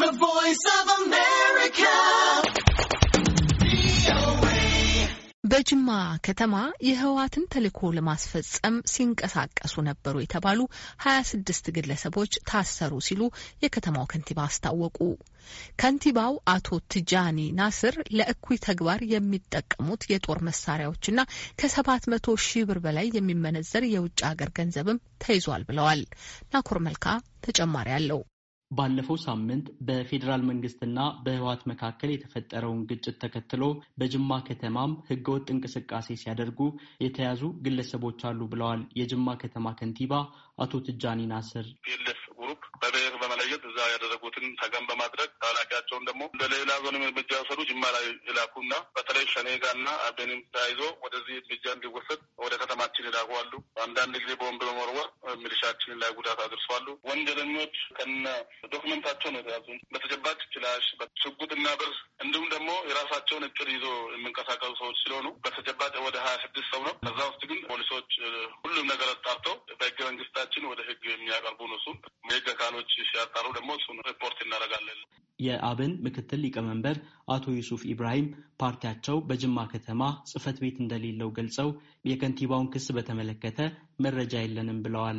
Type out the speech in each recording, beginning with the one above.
The Voice of America. በጅማ ከተማ የህወሓትን ተልዕኮ ለማስፈጸም ሲንቀሳቀሱ ነበሩ የተባሉ 26 ስድስት ግለሰቦች ታሰሩ ሲሉ የከተማው ከንቲባ አስታወቁ። ከንቲባው አቶ ትጃኒ ናስር ለእኩይ ተግባር የሚጠቀሙት የጦር መሳሪያዎችና ከሰባት 700 ሺህ ብር በላይ የሚመነዘር የውጭ ሀገር ገንዘብም ተይዟል ብለዋል። ናኮር መልካ ተጨማሪ አለው። ባለፈው ሳምንት በፌዴራል መንግስትና በህወሓት መካከል የተፈጠረውን ግጭት ተከትሎ በጅማ ከተማም ህገወጥ እንቅስቃሴ ሲያደርጉ የተያዙ ግለሰቦች አሉ ብለዋል የጅማ ከተማ ከንቲባ አቶ ትጃኒ ናስር። በብሔር በመለየት እዛ ያደረጉትን ተገን በማድረግ ታላቂያቸውን ደግሞ በሌላ ዞን እርምጃ ወሰዱ ጅማ ላይ ይላኩና በተለይ ሸኔጋና አቤንም ተያይዞ ወደዚህ እርምጃ እንዲወሰድ ወደ ከተማችን ይላኩ አሉ። አንዳንድ ጊዜ ቦምብ በመወርወር ሚሊሻችንን ላይ ጉዳት አድርሷሉ። ወንጀለኞች ከነ ዶክመንታቸው ነው የተያዙ። በተጨባጭ ክላሽ፣ ሽጉጥና ብር እንዲሁም ደግሞ የራሳቸውን እቅድ ይዞ የሚንቀሳቀሱ ሰዎች ስለሆኑ በተጨባጭ ወደ ሀያ ስድስት ሰው ነው። ከዛ ውስጥ ግን ፖሊሶች ሁሉም ነገር አጣርተው በህገ መንግስታችን ወደ ህግ የሚያቀርቡ ነው። እሱን የህግ አካሎች ሲያጣሩ ደግሞ እሱን ሪፖርት እናደርጋለን። የአብን ምክትል ሊቀመንበር አቶ ዩሱፍ ኢብራሂም ፓርቲያቸው በጅማ ከተማ ጽህፈት ቤት እንደሌለው ገልጸው የከንቲባውን ክስ በተመለከተ መረጃ የለንም ብለዋል።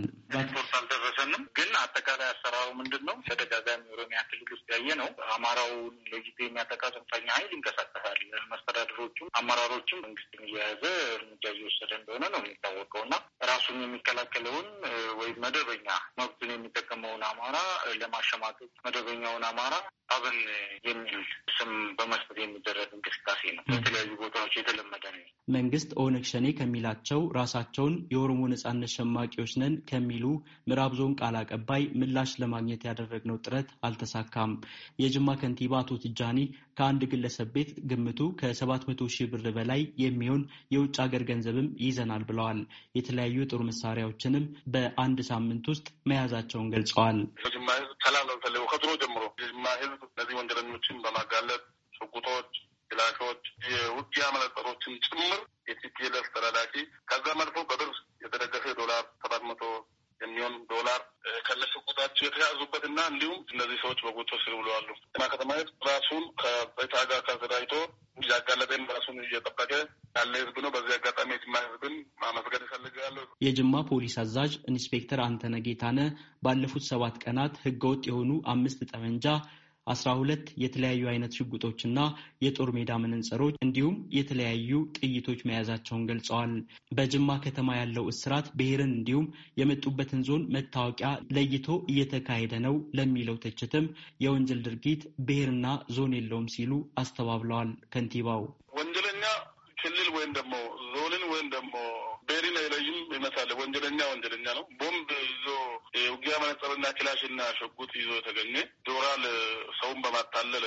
አልደረሰንም። ግን አጠቃላይ አሰራሩ ምንድን ነው? ተደጋጋሚ ኦሮሚያ ክልል ውስጥ ያየ ነው። አማራውን ለጊዜ የሚያጠቃ ጽንፈኛ ኃይል ይንቀሳቀሳል። መስተዳድሮቹም አመራሮችም መንግስትን እየያዘ እርምጃ እየወሰደ እንደሆነ ነው የሚታወቀው እና ራሱን የሚከላከለውን ወይም መደበኛ መብቱን የሚጠቀመውን አማራ ለማሸማቀቅ መደበኛውን አማራ አብን የሚል ስም በመስጠት የሚደረግ እንቅስቃሴ ነው። በተለያዩ ቦታዎች የተለመደ ነው። መንግስት ኦነግ ሸኔ ከሚላቸው ራሳቸውን የኦሮሞ ነጻነት ሸማቂዎች ነን ከሚሉ ምዕራብ ዞን ቃል አቀባይ ምላሽ ለማግኘት ያደረግነው ጥረት አልተሳካም። የጅማ ከንቲባ አቶ ትጃኒ ከአንድ ግለሰብ ቤት ግምቱ ከሰባት መቶ ሺህ ብር በላይ የሚሆን የውጭ ሀገር ገንዘብም ይዘናል ብለዋል። የተለያዩ የጦር መሳሪያዎችንም በአንድ ሳምንት ውስጥ መያዛቸውን ገልጸዋል። በጅማ ህዝብ ሰላም ለምፈልገው ከድሮ ጀምሮ የጅማ ህዝብ እነዚህ ወንጀለኞችን በማጋለጥ ሽጉጦች፣ ክላሾች፣ የውጊያ መነጽሮችን ጭምር የቲፒኤልኤፍ ተላላኪ ከዛ መልፎ በብር የተደገፈ ዶላር ሰባት መቶ የሚሆን ዶላር ከነሱ የተያዙበት እና እንዲሁም እነዚህ ሰዎች በጎቶ ስር ብለዋሉ እና ከተማ ህዝብ ራሱን ከበታጋ ከዘዳይቶ እያጋለጠን ራሱን እየጠበቀ ያለ ህዝብ ነው። በዚህ ያለው። የጅማ ፖሊስ አዛዥ ኢንስፔክተር አንተነ ጌታነ ባለፉት ሰባት ቀናት ህገወጥ የሆኑ አምስት ጠመንጃ አስራ ሁለት የተለያዩ አይነት ሽጉጦችና የጦር ሜዳ መነጽሮች እንዲሁም የተለያዩ ጥይቶች መያዛቸውን ገልጸዋል። በጅማ ከተማ ያለው እስራት ብሔርን እንዲሁም የመጡበትን ዞን መታወቂያ ለይቶ እየተካሄደ ነው ለሚለው ትችትም የወንጀል ድርጊት ብሔርና ዞን የለውም ሲሉ አስተባብለዋል። ከንቲባው ወንጀለኛ ክልል ወይም ደግሞ ዞንን ወይም ደግሞ ወንጀለኛ አይለይም ይመታል። ወንጀለኛ ወንጀለኛ ነው። ቦምብ ይዞ ውጊያ መነጽርና ክላሽና ሽጉጥ ይዞ የተገኘ ዶራል ሰውን በማታለል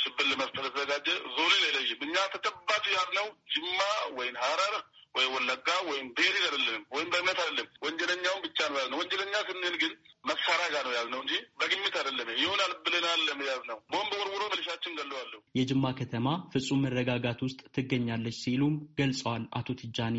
ሽብር ለመፍጠር የተዘጋጀ ዞንን አይለይም። እኛ ተጨባጭ ነው ጅማ ወይም ሀረር ወይ ወለጋ ወይም ቤሪል አይደለም፣ ወይም በእምነት አይደለም። ወንጀለኛውን ብቻ ነው ያልነው። ወንጀለኛ ስንል ግን መሳሪያ ጋር ነው ያልነው እንጂ በግምት አይደለም። ይሆናል ብለናል ለመያዝ ነው። ቦምብ ወርውሮ መልሻችን ገለዋለሁ። የጅማ ከተማ ፍጹም መረጋጋት ውስጥ ትገኛለች ሲሉም ገልጸዋል አቶ ትጃኒ።